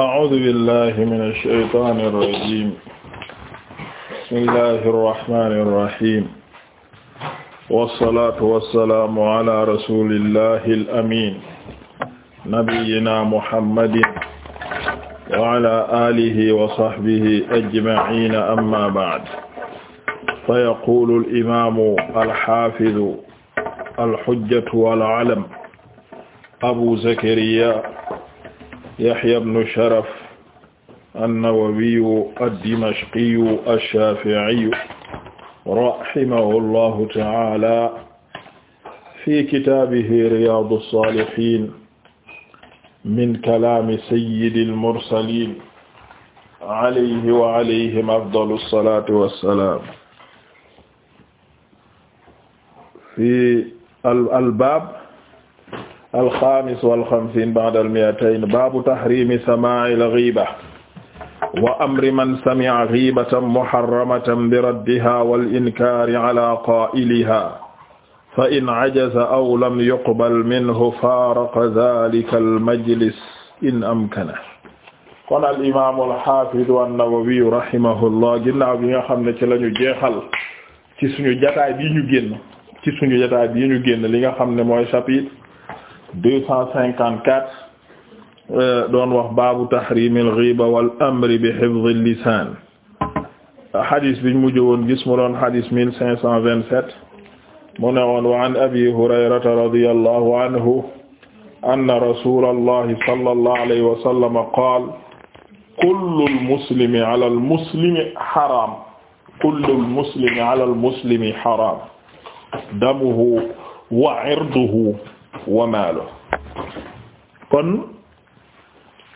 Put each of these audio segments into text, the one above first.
أعوذ بالله من الشيطان الرجيم بسم الله الرحمن الرحيم والصلاة والسلام على رسول الله الأمين نبينا محمد وعلى آله وصحبه أجمعين أما بعد فيقول الإمام الحافظ الحجة والعلم أبو زكريا yahya ibn sharaf an-nawawiyu ad-dimashqiyu ash-shafi'iyu rahimahullahu ta'ala fi kitaabihi riyaadu saalihiin min kalaami sayyidil mursaliin alayhi wa alayhim afdalu salaatu wa salaam fi al-baab alxamis wal xamsiin ba'dal mi'atayn baabu tahriimi samaa'il ghiiba wa amri man sami'a ghiibatan muharramatan bi raddihaa wal inkaari alaa qaa'ilihaa fa in ajaza aw lam yuqbal minhu faaraqa dhaalika al-majlis in amkana. kon al imaamu al-haafidu an-Nawawi rahimahullah ginnaaw bi nga xam ne ci lañu jeexal ci suñu jotaay bi ñu génn ci suñu jotaay bi ñu génn li nga xam ne mooy chapitre. deux cent cinquante quatre euh, doon wax baabu tahrimil ghiba wal amri bi hifdhil lisaan xadis biñ mujj woon gis mu doon xadis mille cinq cent vingt sept mu ne woon wa an abi hurayrata radiyallahu anhu anna rasulallahi sallallahu alayhi wa sallam qaala kullul muslimi alal muslimi haram kullul muslimi alal muslimi haram damuhu wa irduhu wa kon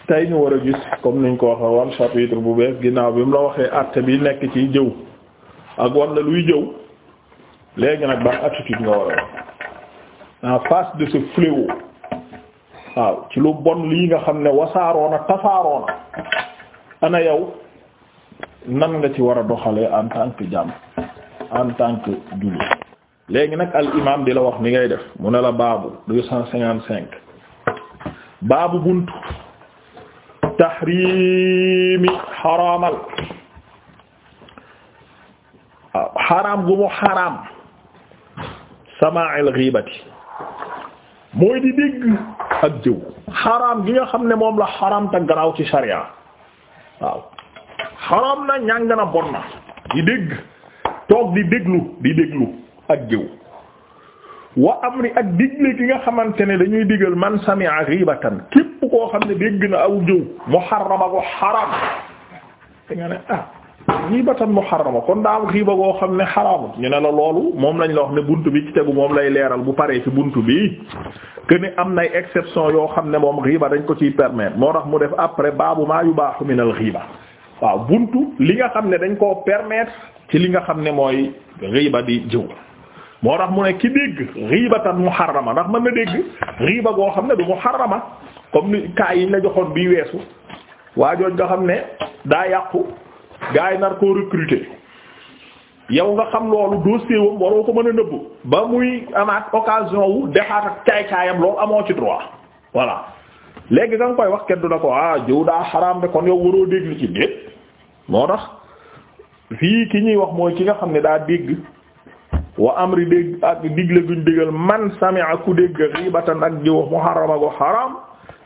tey ñu war a gis comme niñ ko waxe woon chapitre bu bees ginnaaw bi mu la waxee àtte bi nekk ci jëw ak wan la luy jëw léegi nag ban attitude nga war a en face de ce fléau waaw ci lu bon lii nga xam ne wasaaroona tasaaroona ana yow nan nga ci war a doxalee en tant jàmm en tant que léegi nag al imam di la wax ni ngay def mu ne la baabu deux cent cinquante cinq xaraam gu mu xaraam sama'il ghibati mooy di dégg ak jëw xaraam gi nga xam ne moom la xaraam te ci sharia waaw xaraam na ñàng na bon na di dégg toog di déglu di déglu ak jiw wa amri ak digle ki nga xamante ne dañuy digal man sami'a ghibatan képp koo xam ne dégg na aw jëw muharrama ko xaram te nga ne ah ghibatan muharrama kon daa am ghiba goo xam ne xaraamut ñu ne la loolu moom lañ la wax ne bunt bi ci tegu moom lay leeral bu paree ci bunt bi que ni am nay exception yoo xam ne moom ghiba dañ ko ciy permettre moo tax mu def après baabu maa yubaahu min al ghiba waaw bunt li nga xam ne dañ koo permettre ci li nga xam ne mooy di jëw moo tax mu ne ki dégg ghibatan muharrama ndax man na dégg ghiba goo xam ne du muharrama comme ni kaa yi na joxoon bii weesu waa jooj nga xam ne daa yàqu gars nar koo recruter yow nga xam loolu dossier waroo ko mën a nëbb ba muy amaat occasion wu defaat ak caay-caayam loolu amoo ci droit voilà léegi da nga koy wax keddu du na ko ah jiw daa xaraam de kon yow waroo dégg li ci déet moo tax fii ki ñuy wax mooy ki nga xam ne daa dégg wa amri dégg ak digle guñ digal man ak ku dégg ghibatan ak di wax muharrama go haram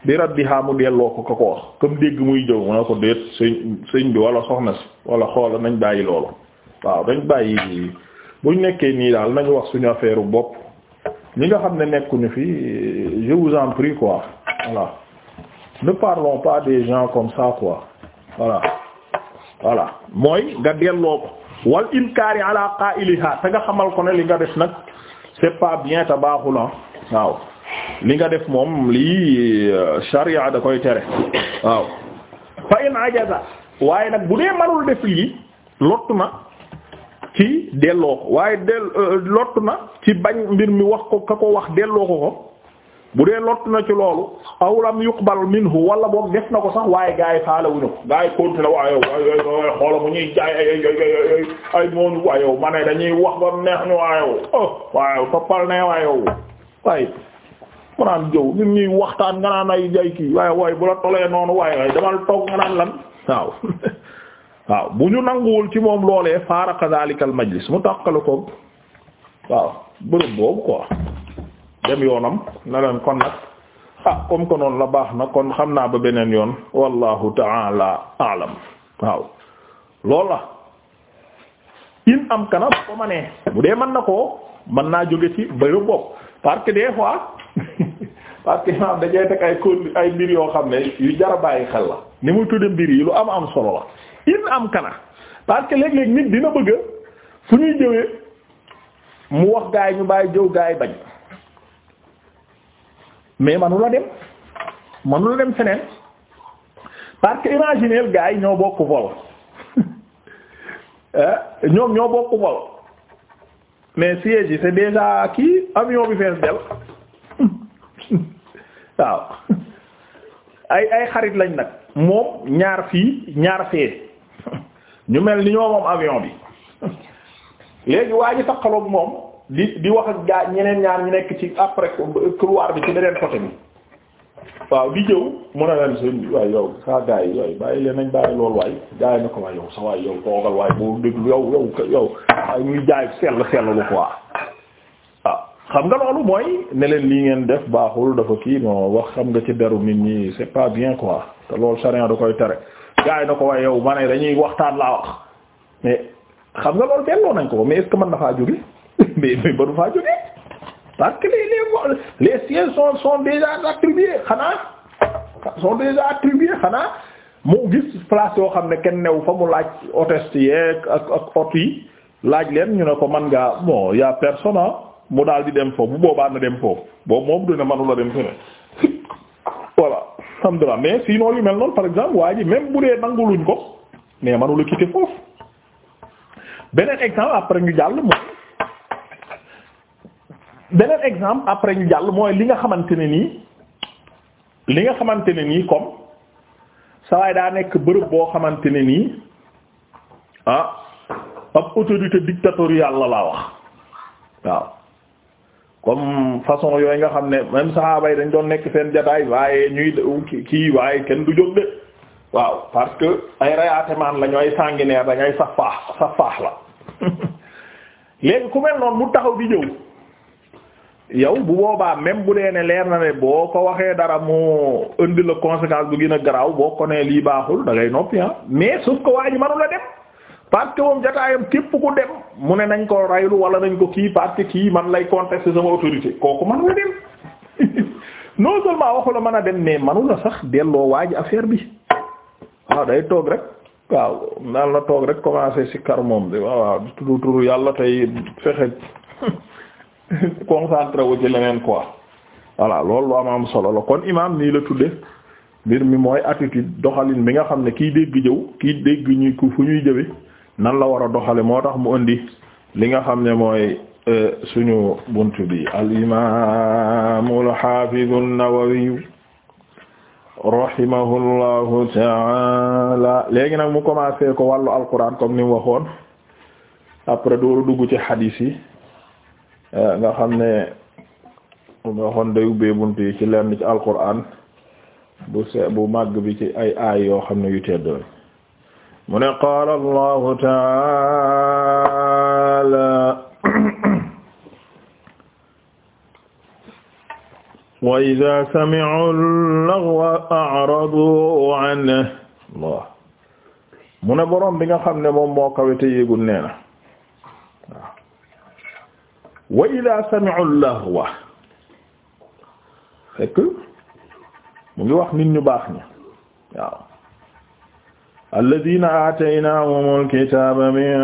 bi raddiha mu delloo ko ka ko wax comme dégg muy jëw mu ne ko déet sëñ sëñ bi wala soxna si wala xoola nañ bàyyi loolu waaw dañ bàyyi buñ nekkee nii daal nañ wax suñu affaire bopp ñi nga xam ne nekkuñu fi je vous en prie quoi voilà ne parlons pas des gens comme ça quoi voilà voilà mooy nga delloo ko wal inkaari ala qaa'iliha te nga xamal ko ne li nga def nag c'est pas bien te baaxul ah. waaw li nga def moom lii euh, sharia da koy tere waaw fa in ajaza waaye nag bu dee manul def lii lottu na ci delloo ko waaye del euh, lottu na ci bañ mbir mi wax ko ka ko wax delloo ko ko bu dee lott na ci loolu aw lam yuqbal minhu wala boog def na ko sax waaye gars yi faale wuñu ko gars yi waaye waaye xoolal mu ñuy jaay ay ay ay waaye ma dañuy wax ba neex ñu waaye oh waaye toppal ne waaye waaye. mu naan jëw ñun ñuy waxtaan nga naan ay jay kii waaye waaye bu la tolee noonu waaye waaye damal toog nga naan lan waaw waaw bu ñu nanguwul ci moom loolee faara kadhalika al majlis mu tàqale ko waaw bërëb boobu quoi. dem yoonam na leen kon nag ah comme que noonu la baax na kon xam naa ba beneen yoon wallahu ta'ala a'lam waaw loolu la in am kana ko ma nee bu dee mën na koo mën naa jóge ci bërëb bopp parce que des fois parce que maam teg ay kon ay mbir yoo xam ne yu jara bàyyi xel la ni muy tudde mbir yi lu am am solo la in am kana parce que léeg-léeg nit dina bëgg fu ñuy jëwee mu wax gaay ñu bàyyi jëw yi bañ mais manu la dem manu dem feneen parce que imaginer yi ñoo bokk vol eh, ñoom ñoo bokk vol mais siège yi c'est déjà kii avion bi fees del waaw ay ay xarit lañ nag moom ñaar fii ñaar fee ñu mel ni ñoo avion bi léegi waa ji takkaloog moom di di wax ak gaa ñeneen ñaar ñu nekk ci après couloir bi ci beneen côté bi waaw di jëw mën a leen seen waay yow saa gaa yi waay bàyyi leen nañ bàyyi loolu waay gaa na ko waay yow sa waay yow waay boo déglu yow yow yow ay jaay sell sell lu quoi waaw xam nga loolu mooy ne leen li ngeen def baaxul dafa kii non wax xam nga ci deru nit ñi c'est pas bien quoi te loolu charia da koy tere gaa yi na ko waay yow ma ne dañuy waxtaan laa wax mais xam nga loolu delloo nañ ko mais est-ce que mën na faa jóge mais mais ba du faa jógee parce que les les les siens sont sont déjà attribués xanaa sont déjà attribués xanaa mu gis place yoo xam ne kenn new fa mu laaj hôtesse yeeg ak ak hôte yi laaj leen ñu ne ko man ngaa bon y a personne ah. mu daal di dem foofu bu boobaa na dem foofu boobu moom dina mënula dem feneen voilà alhamdulilah mais sinon yu mel noonu par exemple waa ji même bu dee nanguluñ ko mais mënula quitter foofu beneen exemple après ñu jàll mooy beneen exemple après ñu jàll mooy li nga xamante ne nii li nga xamante ne nii comme sawaay daa nekk bërëb boo xamante ne nii ah ab autorité dictatoriale la laa wax waaw comme façon yooyu nga xam ne même saxaaba yi dañ doon nekk seen jataay waaye ñuy kii waaye kenn du jóg de waaw parce que ay lañooy lañu ay sanguinaire dañ ay safaax safaax la léegi ku mel noonu mu taxaw di ñëw yow bu boobaa même bu dee ne leer na ne boo ko waxee dara mu indi la conséquence bu gën a garaaw boo ko nee lii baaxul da ngay noppi ah mais sauf que waa ji mënu la dem parce que moom képp ku dem mu ne nañ ko raylu wala nañ ko kii parce kii man lay contester sama autorité kooku mënu la dem non la mën a dem mais mënu la sax ji affaire bi ah, day toog rek waaw naan la toog rek commencer si kar moom de waaw waaw di yàlla tey fexe. concentré wu ci leneen quoi voilà loolu am am solo la kon imaam nii la tudde mbir mi mooy attitude doxalin bi nga xam ne kiy dégg jëw kiy dégg ñu ku fu ñuy jëwe nan la war a doxale moo tax mu indi li nga xam ne mooy euh, suñu buntu bi al imaamu al xaafidu an-Nawawi rahimahullahu léegi nag mu commencé ko wàllu alquran comme ni mu waxoon après dooru dugg ci hadis yi Eh, nga xam ne nga xon day bunt yi ci lenn ci alquran bu se bu màgg bi ci ay aay yoo xam ne yu tedd mu ne qaala allahu taala wa ida sami'u lagwa a'radu anhu mu ne boroom bi nga xam ne moom moo kawete yéegul nee na wa ida sami'u lahwa fekk mu ngi wax nit ñu baax ñi waaw alladina aataynahum alkitaba min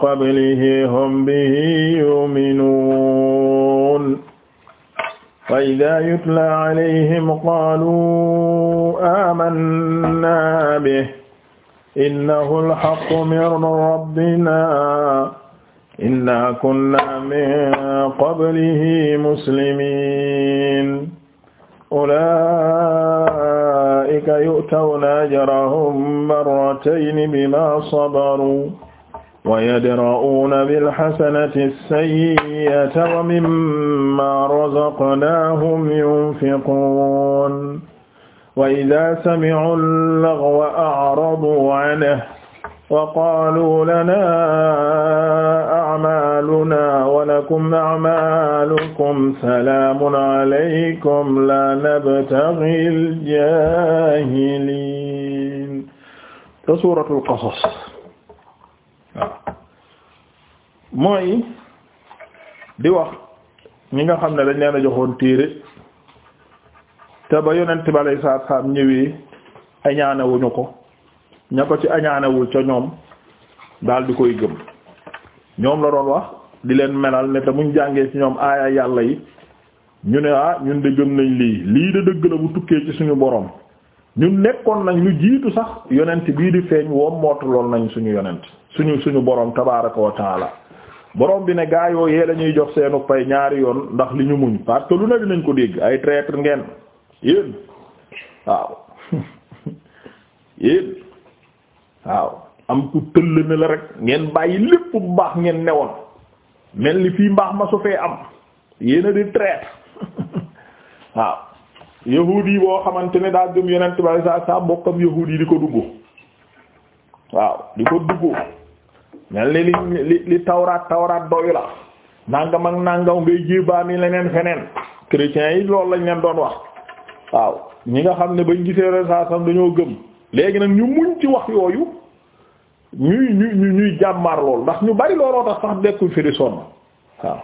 qablihi hum bihi yu'minun fa ida yutla alayhim qalu amanna bihi innahu alhaqqu min rabbina inna kunna min qablihi muslimin ulaika yu'tawna ajrahum marratayn bima sabaru wa yadra'una bil hasanati as-sayyi'ata wa mimma razaqnahum yunfiqun wa idha sami'u al-laghwa a'radu anhu وقالوا لنا أعمالنا ولكم أعمالكم سلام عليكم لا نبتغي الجاهلين te suuratul Qasas mooy di wax ñi nga xam ne dañ leen a joxoon téere te ba yonent bi alayhi salaatu wa salaam ñëwee añaanewuñu ko ña ko ci añaanewul ca ñoom daal di koy gëm ñoom la doon wax di leen melal ne te muñ jàngee ci ñoom aaya yàlla yi ñu ne ah ñun de gëm nañ lii lii de dëgg la bu tukkee ci suñu boroom ñun nekkoon nañ lu jiitu sax yonent bii di feeñ woom mootu lool nañ suñu yonent suñu suñu boroom tabaaraka wa taala bi ne gaa yoo yee la jox seenu pay ñaari yoon ndax li ñu muñ parce lu ne dinañ ko dégg ay traître ngeen yéen waaw yéen waaw am ku tëll ne la rek ngeen bàyyi lépp bu baax ngeen newoon mel ni fii mbaax ma su fee am yéena di traître waaw yahuud yi boo xamante ne daa gëm yonent bi saa saa mbokkam yahuud yi di ko dugg waaw di ko dugg mel ni li li li tawraat tawraat doyu la nangam ak nangaw ngay jébaani leneen feneen chrétiens yi loolu lañ leen doon wax waaw ñi nga xam ne bañ gisee rek saa sam dañoo gëm léegi nag ñu muñ ci wax yooyu ñuy ñu ñuy jàmmaar lool ndax ñu bari looloo tax sax dekkuñ fi waaw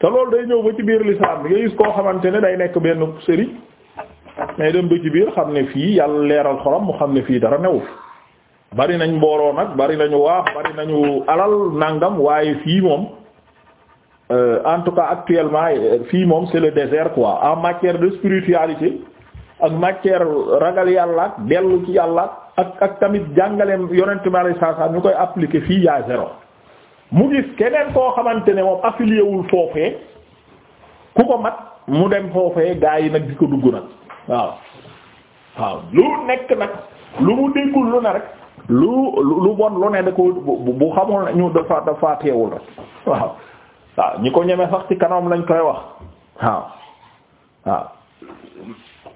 te loolu day ñëw ba ci biir lislaam bi nga gis koo xamante ne day nekk benn sëriñ mais dem ba ci biir xam ne fii yàlla leeral xolam mu xam ne fii dara new bari nañ mbooloo nag bari nañu waax bari nañu alal nangam waaye fii moom euh, en tout cas actuellement euh, fii moom c'est le désert quoi en matière de spiritualité ak matière ragal yàlla ak dellu ci yàlla ak ak tamit jàngaleem yonent bi alayhi salaam ñu koy appliquer fii yaa zéro mu gis keneen koo xamante ne moom affilié wul foofee ku ko mat mu dem foofee gaa yi nag di ko dugg nag waaw waaw lu nekk nag lu mu déggul lu ne rek lu lu bon lu ne da ko bu xamul ne ñu dafa dafa teewul rek waaw waaw ñi ko ñeme sax ci kanam lañ koy wax waaw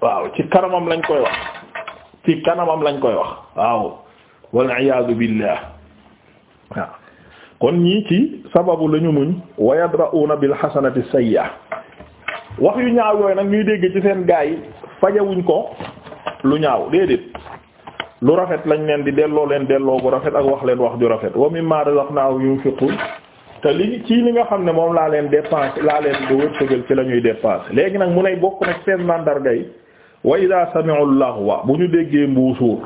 waaw ci kanamam lañ koy wax ci kanamam lañ koy wax waaw wal iyaadu billah waaw kon ñii ci sababu la ñu muñ wa yadra'una bil hasanati sayyi'a wax yu ñaaw yooyu nag ñuy déggee ci seen gaa yi fajawuñ ko lu ñaaw déedéet lu rafet lañ leen di delloo leen delloo bu rafet ak wax leen wax ju rafet wa mimma razaqnahum yunfiqun te li ci li nga xam ne moom laa leen dépense laa leen di wërsëgal ci la ñuy dépense léegi nag mu ne bokk nag seen mandarga yi wa ida sami'u lahwa bu ñu déggee mbuusuur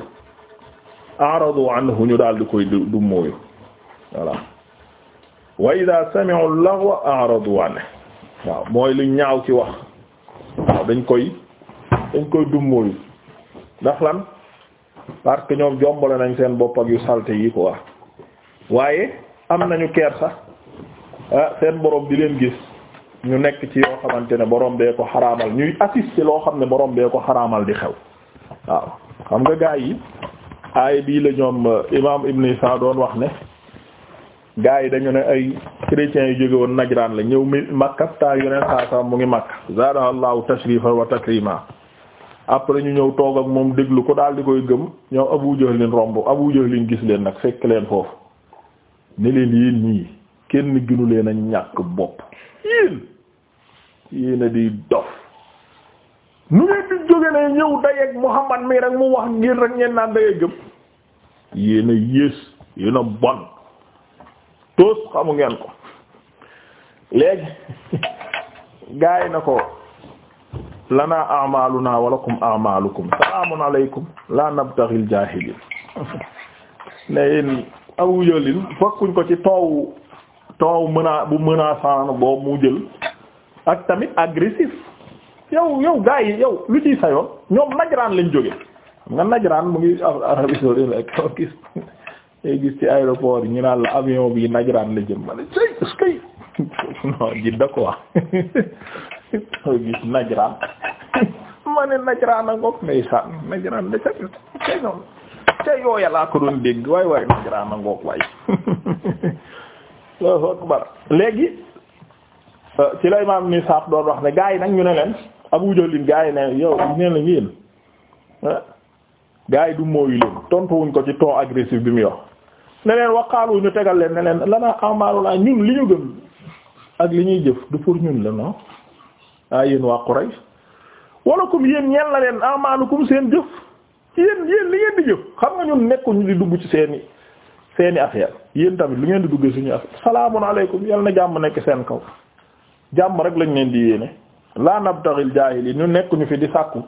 aradu anhu ñu daal di koy du mooyu voilà wa ida sami'u lahwa aradu anhu waaw mooy lu ñaaw ci wax waaw dañ koy dañ koy dummóoyu ndax lan parce que ñoom jombale nañ seen bopp ak yu salte yi quoi waaye am nañu kersa Ah, seen borom di leen gis ñu nekk ci yoo xamante ne borom bee ko xaraamal ñuy assister loo xam ne borom bee ko xaraamal di xew waaw xam nga gaa yi aay bii la ñoom uh, imaam Ibn Isa doon wax ne gaa yi dañu ne ay chrétiens yu jóge woon Najraan la ñëw mi Makka ta yoneen saa mu ngi Makka zaadaha Allahu tashrifan wa après ñu ñëw toog ak moom déglu ko daal di koy gëm ñoom Abu Jahl leen romb Abu Jahl leen gis leen nag fekk leen foofu ne leen yéen ñii kenn ginu leen a ñàkk bopp yéen yéen a di dof nu ngeen di jóge ne ñëw dayeeg Muhammad mi rek mu wax ngir rek ngeen naan dayee gëm yéen yées yéen bon toos xamu ngeen ko léegi gaa na ko lana a'maluna wa lakum a'malukum salaamun alaykum la nabtaghil jaahiliin ne yéen awu yëlin fokkuñ ko ci toowu taw mëna bu menaçant boobu mu jël ak tamit agressif yow yow gars yi yow lu ciy sayoon ñoom najraan lañ jóge xam nga najraan mu ngi Arabie saoudite la ko gis tey gis ci aéroport yi ñu naan la bi najraan la jëm ma ne tey est-ce que non Jidda quoi tey gis najraan ma ne najraan Allahu akbar léegi euh, ci lay imaam ni saab doon wax ne gaa yi nag ñu ne leen Abu Jahl gaa yi ne yow nee na yéen gaa yi du mooyu leen wuñ ko ci too agressif bi mu yox ne leen waqaalu ñu tegal leen ne leen lanaa amaalu naa ñun li ñu gëm ak li ñuy jëf du pour ñun la non ah yéen waa Quraysh wala kum yéen ñeen la leen amaalukum seen jëf yéen yéen li ngeen di jëf xam nga ñun nekkuñu di dugg ci seen yi seeni affaire yéen tamit lu ngeen di duggee suñu affaire salaamun aleykum yal na jàmm nekk seen kaw jàmm rek lañ leen di yéene laa nabtaxil jaahiliin ñu nekk ñu fi di sàkku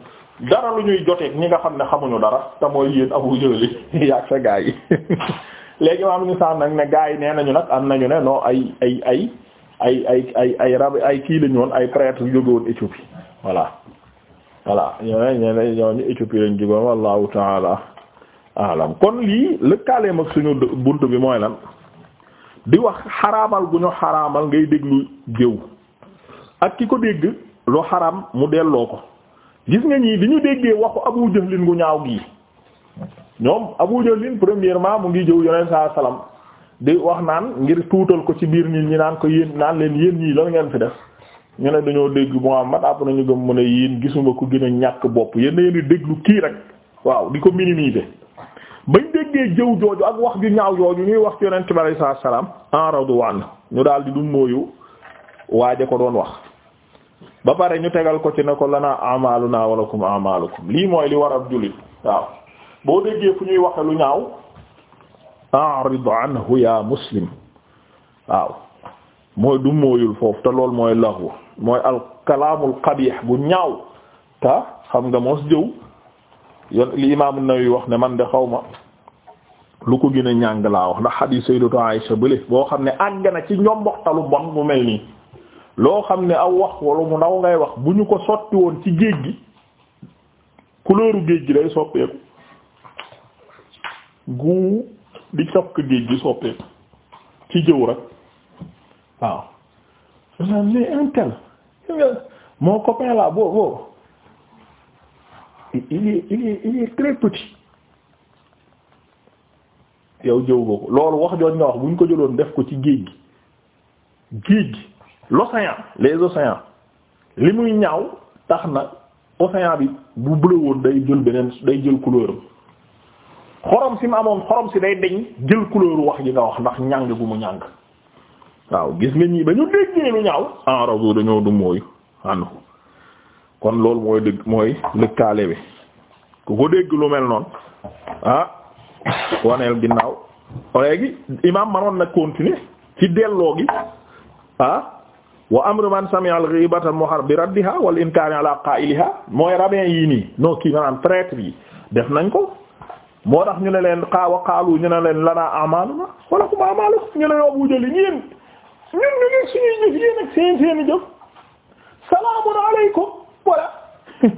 dara lu ñuy jotee ñi nga xam ne xamuñu dara te mooy yéen Abu Jahl yaag sa gaa yi léegi ma am ñu saan nag ne gaa yi nee nañu nag am nañu ne noo ay ay ay ay ay ay ay rab ay kii lañu woon ay prêtre yu jóge woon wala voilà voilà ñoo ne ñoo ne Éthiopie lañ jógoon wallahu taala alam kon lii lëkkaaleem ak suñu bunt bi mooy lan di wax xaraamal gu ñu xaraamal ngay déglu jëw ak ki ko dégg lu xaram mu delloo ko gis nga ñii bi ñu déggee waxu abu jahlin gu ñaaw gi ñoom abu jahlin premièrement mu ngi jëw yoneen sa salaam di wax naan ngir tuutal ko ci biir nit ñi naan ko yéen naan leen yéen ñii lan ngeen fi def ñu ne dañoo dégg Muhammad àpp nañu gëm mu ne yéen gisuma ko gën a ñàkk bopp yéen yéen déglu kii rek waaw di ko minimiser bañ déggee jëw jooju ak wax ju ñaaw jooju ñuy wax ci yonent bi alayhi salaatu salaam aradu an ñu daal di dum mooyu waaje ko doon wax ba pare ñu tegal ko ci ne ko lana amaluna walakum amalukum lii mooy li war ab jullit waaw boo déggee fu ñuy waxe lu ñaaw a'rid anhu ya muslim waaw mooy du mooyul foofu te loolu mooy laxu mooy al kalaamul qabiix bu ñaaw te xam nga mos jëw yoon li imaam An-Nawawi wax ne man de xaw ma lu ko gën ñàng laa wax ndax xadiis Sayyidatu Aisha bële boo xam ne àgg na ci ñoom waxtalu bon mu mel nii loo xam ne aw wax wala mu ndaw ngay wax bu ñu ko sotti woon ci géej gi couleur géej gi day soppeeku gu di cokk géej gi soppeeku ci jëw rek waaw. maanaam moo copain la boobu. il est il est il est très petit yow jëw nga ko loolu wax jooju nga wax bu ñu ko jëloon def ko ci géej gi géej gi l'océan les océans li muy ñaaw tax na océan bi bu bleu woon day jël beneen day jël couleur xorom si mu amoon xorom si day deñ jël couleur wax ji nga wax ndax ñàng gu mu ñàng waaw gis nga ñii ba ñu déggee lu ñaaw en dañoo du mooy ànd ko kon loolu mooy dëgg mooy lëkkaale bi ku ko dégg lu mel noonu ah waneel ginnaaw léegi imaam manoon na continuer ci delloo gi ah wa amru man sami'a al-ghibata muhar bi raddiha wal inkari ala qa'iliha mooy rabin yii nii non kii maanaam traître yi def nañ ko moo tax ñu ne leen xaawa xaalu ñu ne leen lanaa amaluna wala kum amalukum ñu ne yow bu jëli ñeen ñun ñu ngi suñuy jëf yéen ak seen seen i jëf salaamun alaykum voilà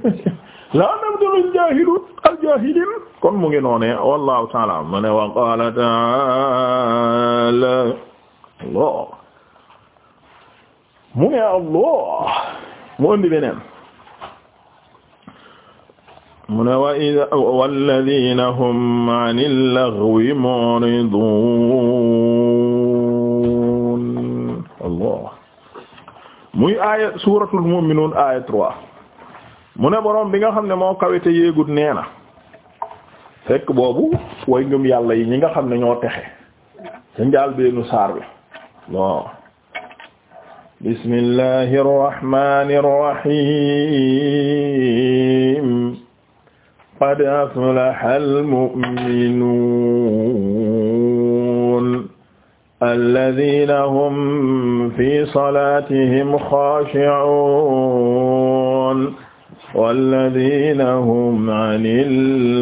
la nabdul jaahilun al jaahilin kon mu ngi noonee wallahu ta'ala mu ne wa qala ta'ala Allah mu ne Allah mu andi beneen mu ne wa idha walladhina hum 'anil laghwi mu'ridun Allah muy aaya suratul mu'minun aaya 3 mu ne borom bi nga xam ne moo kawete yéegut nee na fekk boobu way ngëm yàlla yi ñi nga xam ne ñoo texe ca njaal beenu saar bi bon bismillahi arrahmani arrahim qad aflaha almu'minun alladhina hum fi salatihim khashi'un walladina hum anil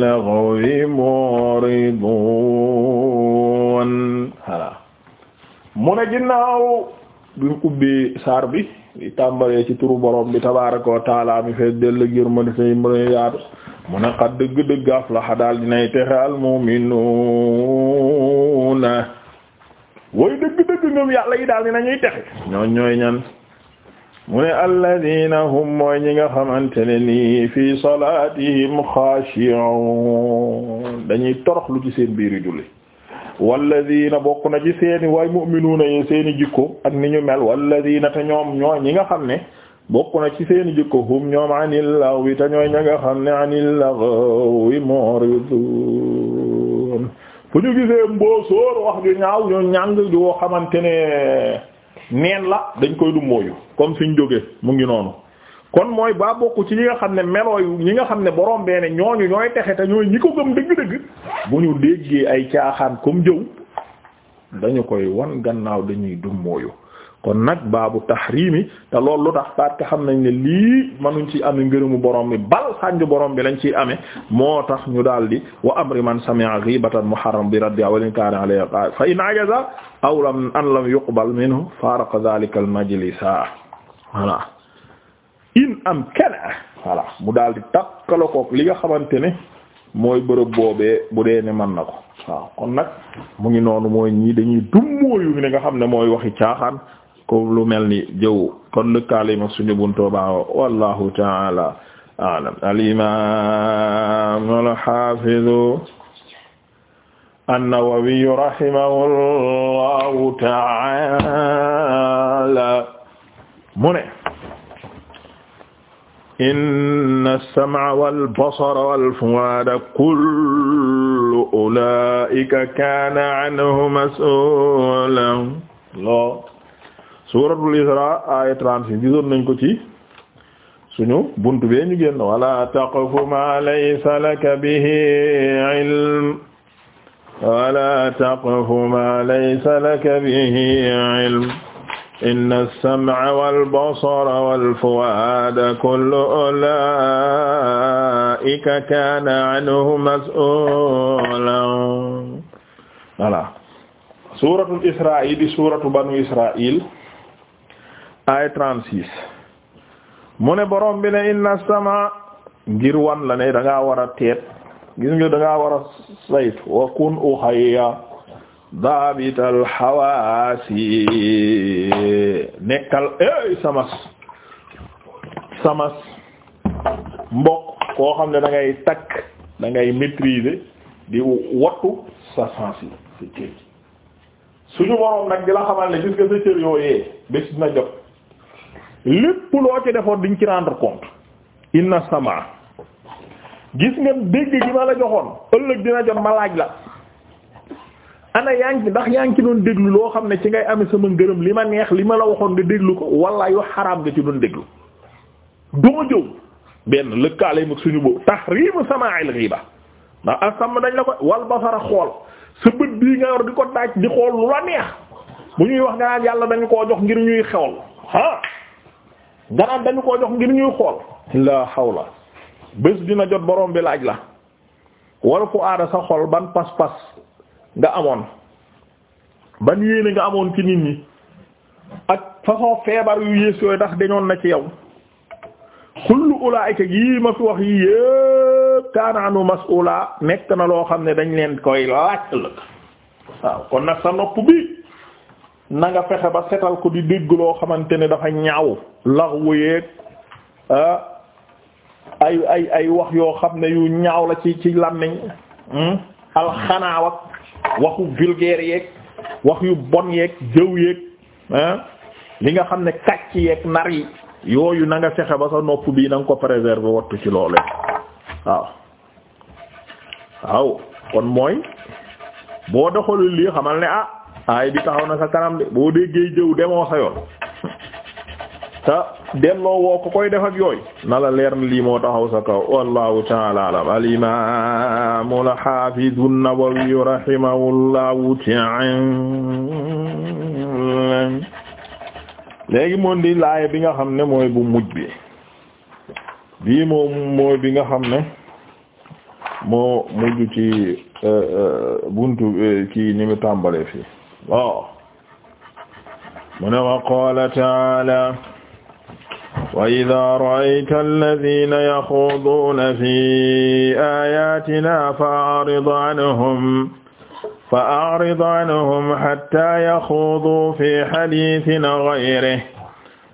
lagwi muridun voilà mu ne ginnaaw bi mu saar bi di ci turu borom bi tabaaraka wa taala mi fee dell yërmande tey mu ne yaatu dëgg-dëgg aflaxa daal dinay texe almu'minuuna way dëgg-dëgg ñoom yàlla yi daal dinañuy texe ñooñ ñan mu ne alladina hum mooy ñi nga xamante ne nii fii salaatihim xaashi'un dañuy toroxlu ci seen biiri julli walladina bokk na ci seeni way mu'minuuna yi seeni jikko ak ni ñu mel walladina te ñoom ñooy ñi nga xam ne bokk na ci seeni jikko hum ñoom anil laghwi te ñooy ña nga xam ne anil laghwi mu'ridun fu ñu gisee mboo sóor wax ju ñaaw ñu ñàng joo xamante ne neen la dañ koy dummóoyu comme fi ñu jógee mu ngi noonu kon mooy baa bokk ci ñi nga xam ne melooyu ñi nga xam ne borom bee ne ñooñu ñooy texe te ñooy ñi ko gëm dëgg-dëgg bu ñu déggee ay caaxaan comme jëw dañu koy wan gannaaw dañuy dummóoyu kon nag baabu tahrimi te lool lu tax parce que xam nañ ne lii manuñ ci am ngërëmu borom bi bal sànju borom bi lañ ciy ame moo tax ñu daal di wa amri man sami'a ghibatan muharram bi raddi aw in kaana alayhi fa in ajaza aw lam an lam yuqbal minhu faraqa dhalika al majlisa in am kana voilà mu daal di li nga xamante ne mooy bërëb boobee bu dee ne mën na ko waaw kon nag mu ngi noonu mooy ñii dañuy dummóoyu ne nga xam ne mooy waxi caa ko lu mel ni jëw kon lëkkaale mag suñu buntoo baax wallahu taala aalam al imam al hafizu an-Nawawi rahimahullahu taala mu ne inna as-sam'a wal basara wal fu'aada kullu ulaa'ika kaana anhu mas'uulan suuratul Isra aaya 36 gisoon nañ ko ci suñu buntu bee ñu génn wala taqfu ma laysa laka bihi ilm wala taqfu ma laysa laka bihi ilm inna as-sam'a wal basara wal fu'aada kullu ulaa'ika kaana anhu mas'uulan voilà suuratul Isra di suuratu banu Israa'iil ay 36 mu ne borom bi ne inna sama ngir wan la ne da ngaa war a teet gis nga da ngaa war a saytu wa kun u xayya dabital xawaasi nekkal ey samas samas mbokk koo xam ne dangay takk dangay ngay maîtriser di wattu sa sens suñu borom nag di la xamal ne gis nga sa cër yooyee bés dina jot lépp loo ci defoon diñ ci rendre compte inna sama gis nga dégg gi ma la joxoon ëllëg dina jot ma laaj la ana yaa ngi ndax yaa ngi ci doon déglu loo xam ne ci ngay amee sama ngërëm li ma neex li ma la waxoon nga déglu ko wala yu xaraam nga ci doon déglu duma jëw benn lëkkaale mag suñu boobu tahrimu sama'il ba ndax asam dañ la ko wal basara xool sa bët bii nga yor di ko daaj di xool mu la neex bu ñuy wax nga naan yàlla dañu koo jox ngir ñuy xewal ganaan dañu koo jox ngir ñuy xool la hawla bés dina jot boroom bi laaj la wala fu aada sa xol ban pas-pas nga amoon ban yéene nga amoon ci nit ñi ak façon feebar yu yées yooyu ndax dañoon na ci yow kullu ulaayika yii ma fi wax yi yëpp kaanaanu mas'ula nekk na loo xam ne dañ leen koy laaj waaw kon nag sa nopp bi na nga fexe ba setal ko di dégg loo xamante ne dafa ñaaw lax yéeg ah, ay ay ay wax yoo xam ne yu ñaaw la ci ci làmmiñ hmm? alxanaaw ak waxu vulgaire yéeg wax yu bon yeeg jëw yéeg ah, li nga xam ne kàcc yeeg nar yi yooyu na fexe ba sa nopp bii na nga ko préserver wattu ci loole waaw waaw kon mooy boo doxalul lii xamal ne ah aay bi taxaw na sa kanam de boo déggee jëw demoo sa yoon te delloo woo ko koy def ak yooyu na la leer lii moo taxaw sa kaw wallahu ta'ala alam al imam al hafiz an-Nawawi rahimahullahu léegi moom di laaya bi nga xam ne mooy bu mujj bi bii moom mooy bi nga xam ne moo mujj ci eh, eh, buntu eh, kii ni tàmbalee fii waaw mu ne wa qaala ta'aala wa idhaa ra'ayta alladhiina yaxuuduuna fii aayaatinaa fa'rid 'anhum fa'rid 'anhum hattaa yaxuuduu fii hadiithin ghayrihi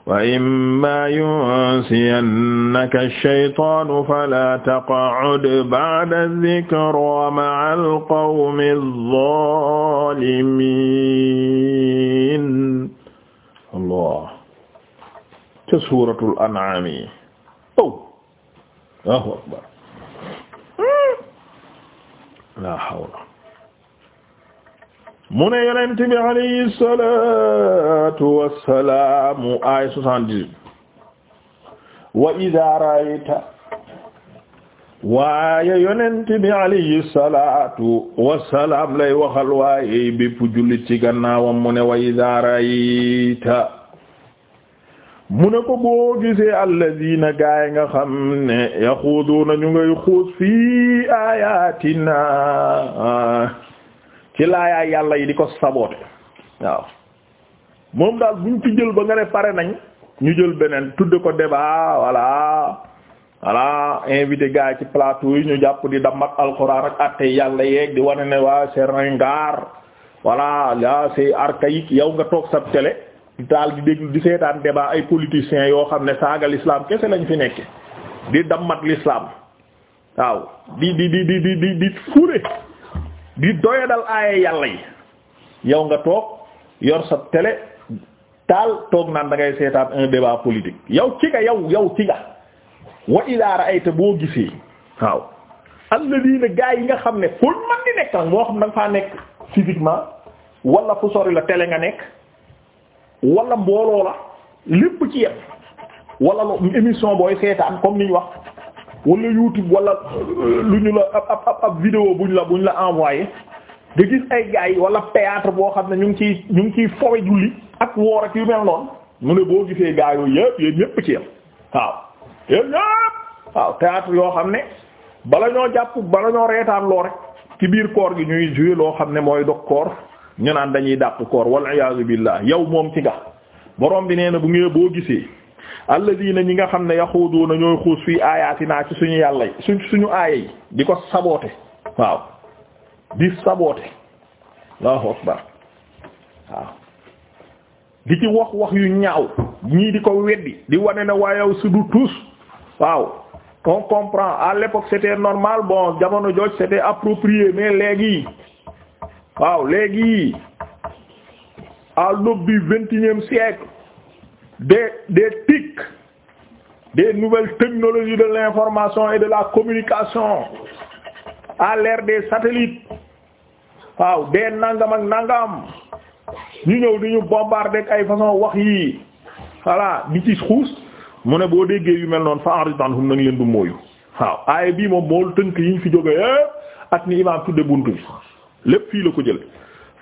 wa imma yunsiyannaka ash-shaytaanu fala taq'ud ba'da adh-dhikraa ma'a al-qawmi adh-dhaalimiin Allah ca suuratul an'aam oh. Allahu akbar, hmm. laa hawla mu ne yonent bi alayhi salatu wassalamu ay soixante dix wa idha waaye yonent bi alayhi salatu lay waxal waaye bépp jullit ci gannaawam mu ne wa idha ra'ayta mu ne ko boo gisee alladina gaay nga xam ne yaxuuduuna ñu ngay xuus fii ayatina ci yaay yàlla yi di ko saboote waaw moom daal buñ ci jël ba nga ne pare nañ ñu jël beneen tudd ko débat voilà voilà invité gars ci plateau yi ñu jàpp di dammat alxuraan ak atte yàlla yeeg di wane ne waa c'est ringard voilà là c'est archaïque yow nga toog sa télé daal di déglu di seetaan débat ay politiciens yoo xam ne saaga l'islam kese lañ fi nekke di dammat lislaam waaw di di di di di di fure di doyadal aaye yàlla yi yow nga toog yor sa télé taal toog naan dangay ngay seetaan un débat politique yow ci nga yow yow ci nga wa idaa ra'ayta boo gisee waaw alladina gaa yi nga xam ne ful man di nekk nag moo xam ne nga faa nekk physiquement walla fu sori la télé nga nekk wala mbooloo la lépp ci yem wala lu émission booy seetaan comme niñ wax wala YouTube wala euh, lu ñu la ab ab ab vidéo buñ la buñ la envoyé nga gis ay gars yi wala théâtre boo xam ne ñu ngi ciy ñu ngi ciy fowe julli ak woo ak yu mel noonu mu ne boo gisee gars yooyu yëpp yéen ñëpp ci yam waaw yéen waaw théâtre yoo xam ne bala ñoo jàpp bala ñoo reetaan loo rek ci biir koor gi ñuy jouer loo xam ne mooy dog koor ñu naan dañuy dàpp koor wal iyaazu billah yow moom ci nga borom bi nee na bu ngeen boo gisee. alladina ñi nga xam ne yaxuuduuna ñooy xuus fii aayaatinaa ci suñu yàlla yi suñu aaya yi di ko saboote waaw di saboote allahu akbar waaw di ci wax wax yu ñaaw ñii di ko weddi di wane ne waayow su du tous waaw on comprend à l'époque c'était normal bon jamono jooj c'était approprié mais léegi waaw léegi à l'aube vingt et siècle des des TIC des nouvelles technologies de l'information et de la communication à l'ère des satellites waaw des nangam ak nangam ñu ñëw di ñu bombarder ak ay façon wax yi voilà di ci xuus mu ne boo déggee yu mel noon fa enritan hum nanga leen du mooyu waaw aaya bii moom moolu tënk yi ñu fi jóge ak ni imam tudde bunt lépp fii la ko jël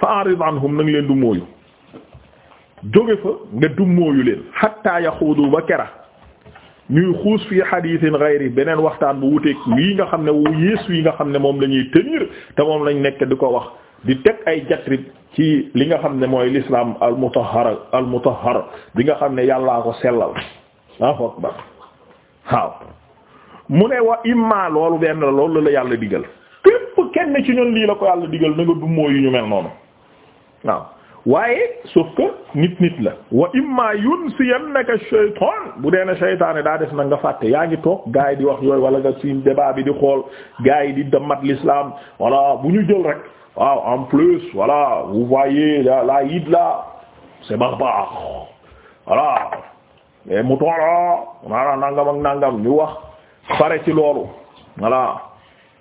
fa enritan hum nanga leen du mooyu jóge fa nga dummóoyu leen hatta yaxuudu ba kera ñuy xuus fii hadithin ghayri beneen waxtaan bu wuteeg wii nga xam ne wu yées wii nga xam ne moom la ñuy tenir te moom lañ nekk di ko wax di teg ay jatrib ci li nga xam ne mooy lislaam al mutahhar al mutahhar bi nga xam ne yàllaa ko sellal waaw foog ba waaw mu ne wa imma loolu benn la loolu la yàlla digal képp kenn ci ñun lii la ko yàlla digal na nga dummóoyu ñu mel noonu waaw waaye sauf que nit nit la wa imma yunsiyannaka shaytaan bu dee na shaytaane daa def nag nga fàtte yaa ngi toog gars di wax yooyu wala nga siin débat bi di xool gars yi di damat l'islam voilà bu ñu jël rek waaw en plus voilà vous voyez la la yid là c'est barbare voilà et mu toolo maanaam nangam ak nangam ñu wax pare ci loolu voilà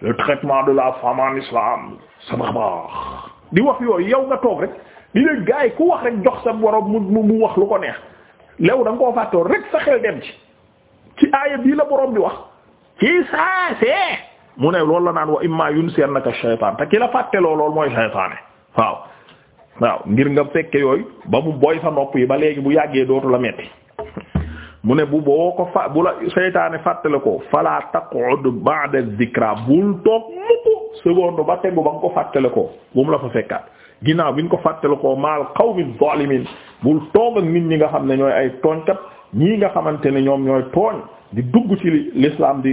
le traitement de la femme en islam c'est barbare di wax yooyu yow nga toog rek li leen ku wax rek jox sa borom mu mu wax lu ko neex lew da koo fàttoo rek sa xel dem ci ci aaya bii la borom bi wax ci saasee mu ne loolu la naan wa imma yunsiyannaka shaytaan te ki la fàtteloo loolu mooy shaytaane waaw ngir nga fekke yooyu ba mu boy sa nopp yi ba léegi bu yàggee dootu la metti mu ne bu boo ko fa bu la seytaane fàttale ko fala taq'ud ba'da dhikra bul toog mukk seconde ba tegu ba nga ko fàttale ko bu mu la ginnaaw bi ñu ko fàttali ko maal qawmi zalimin bul toog ak nit ñi nga xam ne ñooy ay tooñkat ñii nga xamante ne ñoom ñooy tooñ di dugg ci l'islam di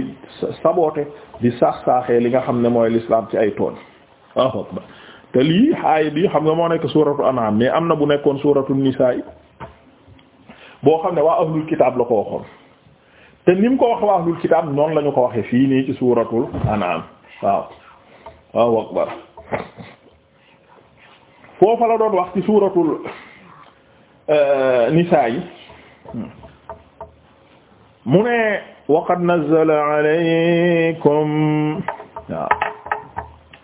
saboote di saax saaxee li nga xam ne mooy l'islam ci ay tooñ waaw te lii aaya bi xam nga moo nekk suuratu an'am mais am na bu nekkoon suuratu nisaa boo xam ne waa ahlul kitaab la ko waxoon te ni mu ko wax waa ahlul kitaab noonu la ko waxee fii nii ci suuratul an'am waaw waaw akbar foofa la doon wax ci suuratul euh, nisaa yi mu ne waqad nazzala alaykum waaw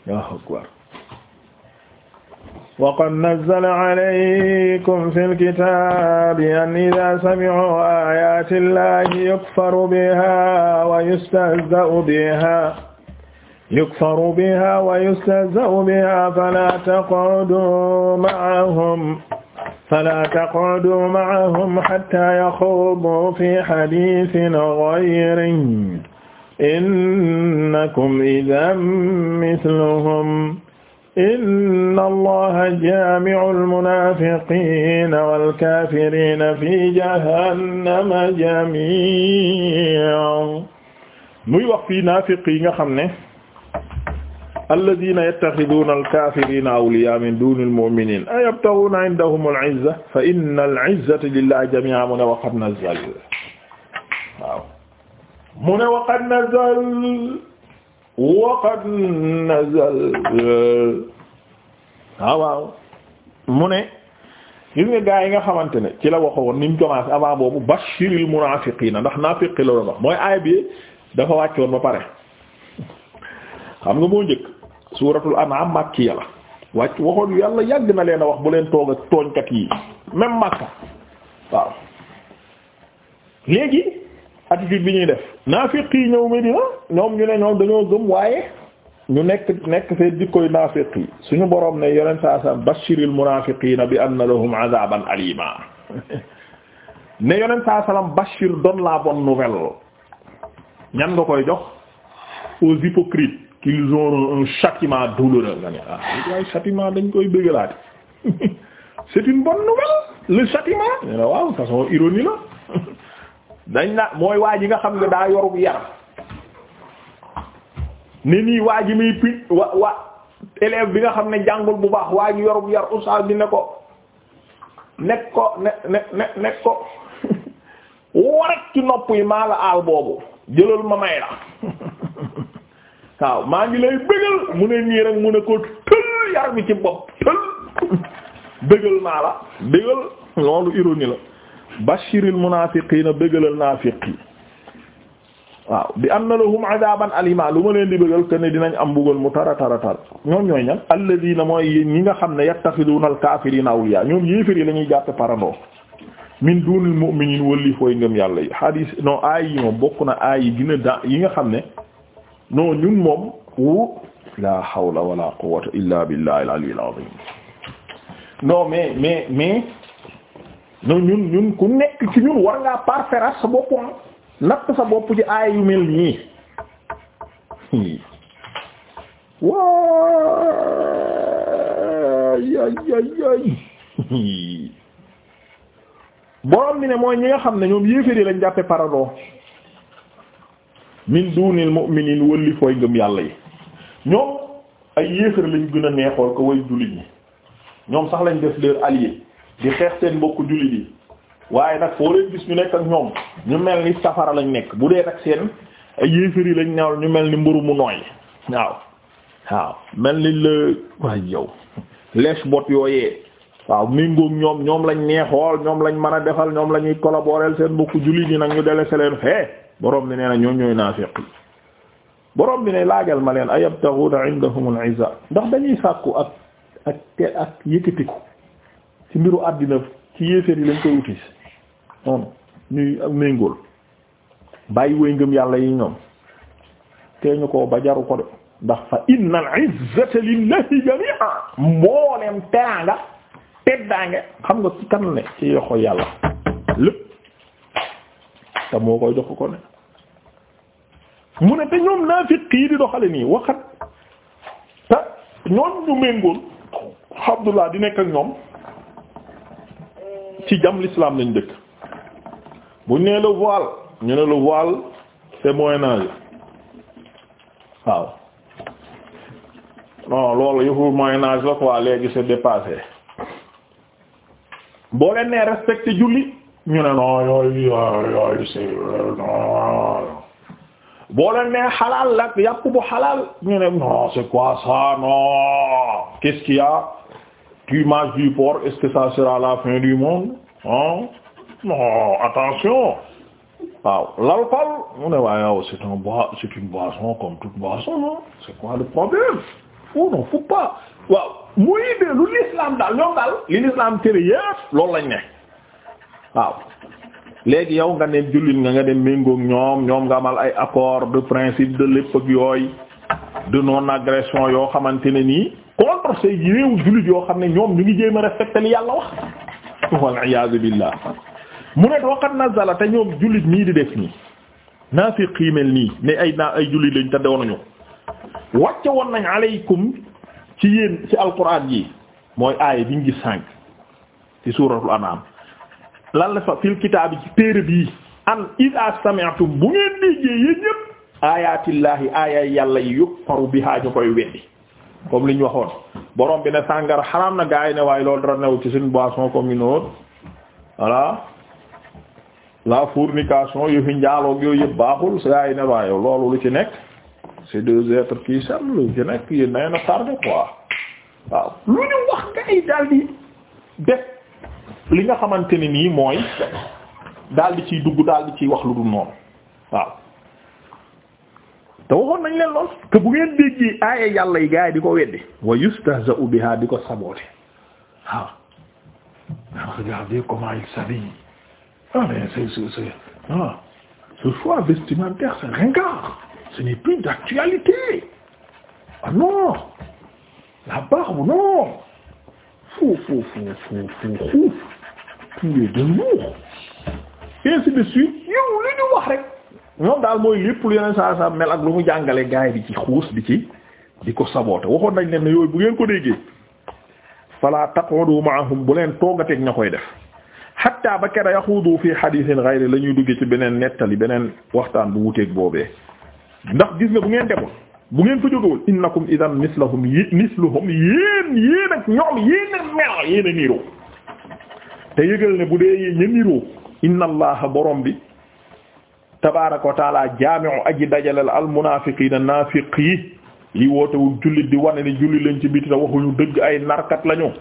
Allahu akbar waqad nazzala alaykum fil kitaabi an idhaa sami'uu aayaati llaahi yukfaru bihaa wa yustahza'u bihaa yukfaru biha wa yustahza'u biha fala taq'udu ma'ahum fala taq'udu ma'ahum hatta yaxuudu fi hadiisin ghayrihi innakum idhan mithluhum inna allaha jaami'ul munaafiqiina wal kaafiriina fi jahannama jamii'an muy wax fii naafiq yi nga xam ne alladina yattaxiduuna alkafirina awliya min duni almuminin a yabtaxuuna indahum alizza fa inna alizzata lillahi jami'a mu ne waqad nazal waaw mu ne waqad nazal waqad nazal waaw waaw mu ne gis nga gaa yi nga xamante ne ci la waxoon ni mu commencé avant boobu bashiril munafiqina ndax naafiqi la doon wax mooy aay bi dafa wàccoon ba pare xam nga moo njëkk suuratul an'am makkiya la wàcc waxoon yàlla yàgg na leen a wax bu leen toog ak tooñkat yi même makka waaw léegi attitude bi ñuy def naafiq yi ñëw Medina ñoom ñu ne ñoom dañoo gëm waaye ñu nekk nekk seen koy naafiq yi suñu boroom ne yeneen saa sa bashiril munaafiqiina bi anna lahum azaaban alima ne yonent saa salaam bashir donne la bonne nouvelle ñan nga koy jox aux hypocrites qu'ils ont un nga ne waaye ah, châtiment dañ koy bëggalaate c'est une bonne nouvelle le châtiment ne waaw façon ironie la dañ na mooy waa ji nga xam ne daa yorub yaram ne nii waa ji pi wa wa élève bi nga xam ne jàngul bu baax waa ji yorub yar oustaz bi ne ko nekk ko nekk ko warak ci nopp yi maa la aal boobu jëlal ma may la waaw maa ngi lay bëggal mu ne nii rek mu ne ko tël yar bi ci bopp tël bëggal naa la bëggal loolu ironie la bashiril na bëggalal naafiqi waaw bi am na lahum adaban alima lu ma leen di bëggal que dinañ am mbugal mu tara tara tar ñoom ñooy ñan alladina mooy ñi nga xam ne yattaxiduna alkafirina awliya ñoom yéefir yi la ñuy jàppe parandoo min dunil mu'minin wëlli fooy ngëm yàlla yi hadis non aay yi moom bokk na aay yi gën da yi nga xam ne non ñun moom wu la hawla wala quwwata illa billahi al-aliyyil azim non mais mais mais non ñun ku nekk ci ñun war ngaa parfaire sa ah. sa bopp ci aay yu mel nii waay ay mi ay borom bi ne mooy ñi nga xam ne ñoom yéeféer yi lañ jàppe parado min dunil mu'minin wëlli fooy ngëm yàlla yi ñoom ay yéefar lañ gën a neexool ko way jullit ñi ñoom sax lañ def leur allié di xeex seen mbokku jullit yi waaye nag foo leen gis ñu nekk ak ñoom ñu mel ni safara lañ nekk bu dee nag seen ay yéefar yi lañ neewal ñu mel ni mburu mu nooy waaw waaw mel ni la waay yow lèche bot yooyee waaw méngoog ñoom ñoom lañ neexool ñoom lañ mën a defal ñoom la ñuy collaborer seen mbokku jullit yi nag ñu délaissé leen borom bi nee na ñoo ñooy naafiq yi borom bi ne laajal ma leen ayabtaghuna indahum al-izza ndax dañuy sàkku ak ak te ak ci mbiru àddina ci yéeféer yi lañ koy utis ñuy ak méngool bàyyi woy ngëm yàlla yi ñoom tee ñu ko ba jaru ko de ndax fa inna al-izzata lillahi jami'a mbooleem teraanga teddaange xam nga ci kan ne ci yoxo yàlla lépp te moo koy jox ko ne mu ne te ñoom naafiq yi di doxale nii waxat te ñoon ñu méngool Abdullah di nekk ak ñoom ci jam l'islam lañ dëkk buñ nee le voile ñu ne le voile c'est moyen âge waaw non loolu yëfu moyen âge la quoi léegi c'est dépassé boo leen nee respecté julli ñu ne non yooyu yooyu c'est euh, non boo leen nee xalaal la yàpp bu xalaal ñu ne non c'est quoi ça non qu'est-ce a tu manges du porc est-ce que ça sera la fin du ah non attention waaw l'alcool mu ne waaye yow c'est un bois c'est une boisson comme toute non c'est quoi le problème faut non faut pas waaw muy de lu l'islam daal ñoom daal li l'islam tere yépp loolu lañ ne waaw léegi yow nga ne jullit nga nga dem méngoog ñoom ñoom nga amal ay accord de principe de lépp ak de non agression yoo xamante ne nii contre say réew jullit yoo xam ne ñoom ñu ngi jéem a respecté li yàlla wax wal iyaazu billah mu ne waqat nazala te ñoom jullit nii di def nii naafiq yi mel nii ne ay naa ay jullit lañ te doonuñu wàcce woon nañ aleykum ci yéen ci alquran yi mooy aaya biñ gis sànq ci suuratul anam lan la fa fil kitaabi ci téere bii an ida sami'tum bu ngeen déggee yéen ñépp ayatillahi ayay yàlla yi bi biha ñu koy weddi comme li ñu waxoon borom bi ne sàngara xaraam na gaa yi ne waaye loolu dara new ci suñu boisson la fornication yu fi njaaloog yooyu yëpp baaxul sa gaa lu ci nekk c'est deux êtres qui s'aiment lu ci nekk yéen na tardé quoi waaw lu ñu wax gaa yi di def li nga xamante ne nii mooy daal di ciy dugg daal di ciy wax lu dul noonu waaw te waxoon nañ leen lool te bu ngeen déggee aaya yàlla yi gaa yi di ko weddi wa yustahza'u biha di ko saboote waaw waaw ah, regardez comment il s'habille ah mais c'est c'est ah ce choix vestimentaire c'est ringard ce n'est plus d'actualité ah non la barbe non fou fou fou fou fou tuer de lourd ainsi wax rek ñoom daal mooy lépp lu yeneen saa saa mel ak lu mu jàngale gaay di ci xuus di ci di ko saboote waxoon nañ leen ne yooyu bu ngeen ko déggee fala taqudu ma'ahum bu leen toogateeg ña koy def hatta ba kera yaxuudu fi hadithin ghayri la ñuy duggee ci beneen nettali beneen waxtaan bu wuteeg boobee ndax gis nga bu ngeen demul bu ngeen fa jógewul innakum idan mislahum yi mislahum yéen yéen ak ñoom yéen a mel yéen a niiroo te yëgal ne bu dee ña niroo inna allaha borom bi tabaaraka wa taala jaami'u aji dajalal al munaafiqiina naafiq yi li wootewul jullit di wane ne jullit lañ ci biti te waxuñu dëgg ay narkat lañu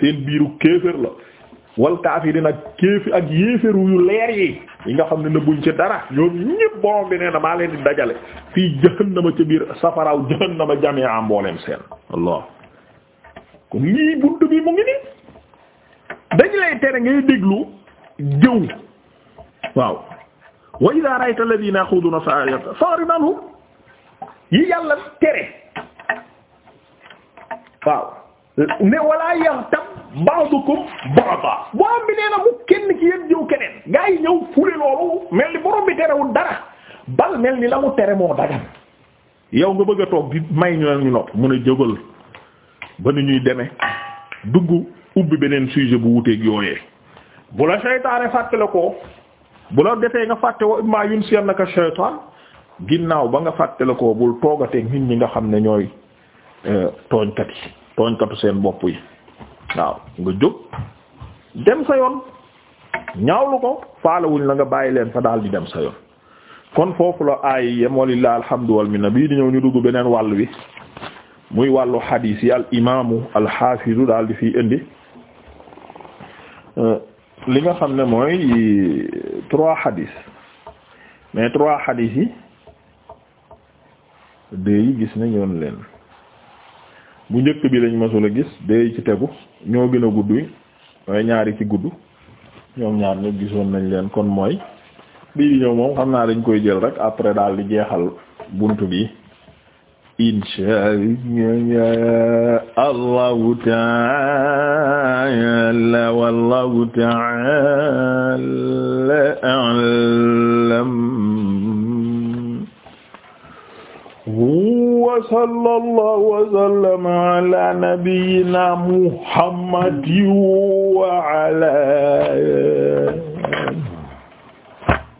seen biiru kéefër la wal ak kéefi ak yéeféru yu leer yi yi nga xam ne nëbbuñ ci dara ñoom ñëpp borom bi nee maa leen di dajale fii jahannama ca biir safaraaw jahannama jami'a mbooleem seen allah kon lii buntu bi mu ngi nii dañu lay tere ngay déglu jëw waaw wa idha ra'ayta alladhina yaquduna fa'alayka fa'rid anhum yi yàlla tere waaw ne wala yaxtab ba'dukum ba'da borom bi nee na mu kenn ci yéen jëw keneen gaa ñëw fule loolu mel ni borom bi dara bal mel ni la mu tere moo dagan yow nga bëgg a toog di may ñu ñu nopp mun a jógal ba nu ñuy deme dugg ubbi beneen sujet bu wuteeg yooyee bu la seytaane fàttale ko bu la defee nga fàtte wa imma yunsiyannaka shaytaan ginnaaw ba nga fàttale ko bul toogateeg nit ñi nga xam ne ñooy euh, tooñkat yi tooñkatu seen bopp yi waaw nga jóg dem sa yoon ñaawlu ko faalawuñ la nga bàyyi leen fa daal di dem sa yoon kon foofu la aay yem walilah alhamdu bii di ñëw ñu dugg beneen wàll wi muy wàllu xadiis yi al imaamu al xaafidu daal di fi indi Euh, li nga xam ne mooy trois hadith mais trois hadith yi deux yi gis na ñoon leen bu njëkk bi lañ masul a gis deux yi ci tegu ñoo gën a gudd waaye ñaari ci gudd ñoom ñaar ñëpp gisoon nañ leen kon mooy bii di ñëw moom xam naa dañ koy jël rek après daal di jeexal bunt bi insha allahu taala wallahu taala a'lam wa sallallahu wa sallama ala nabiyyina muhammadin wa ala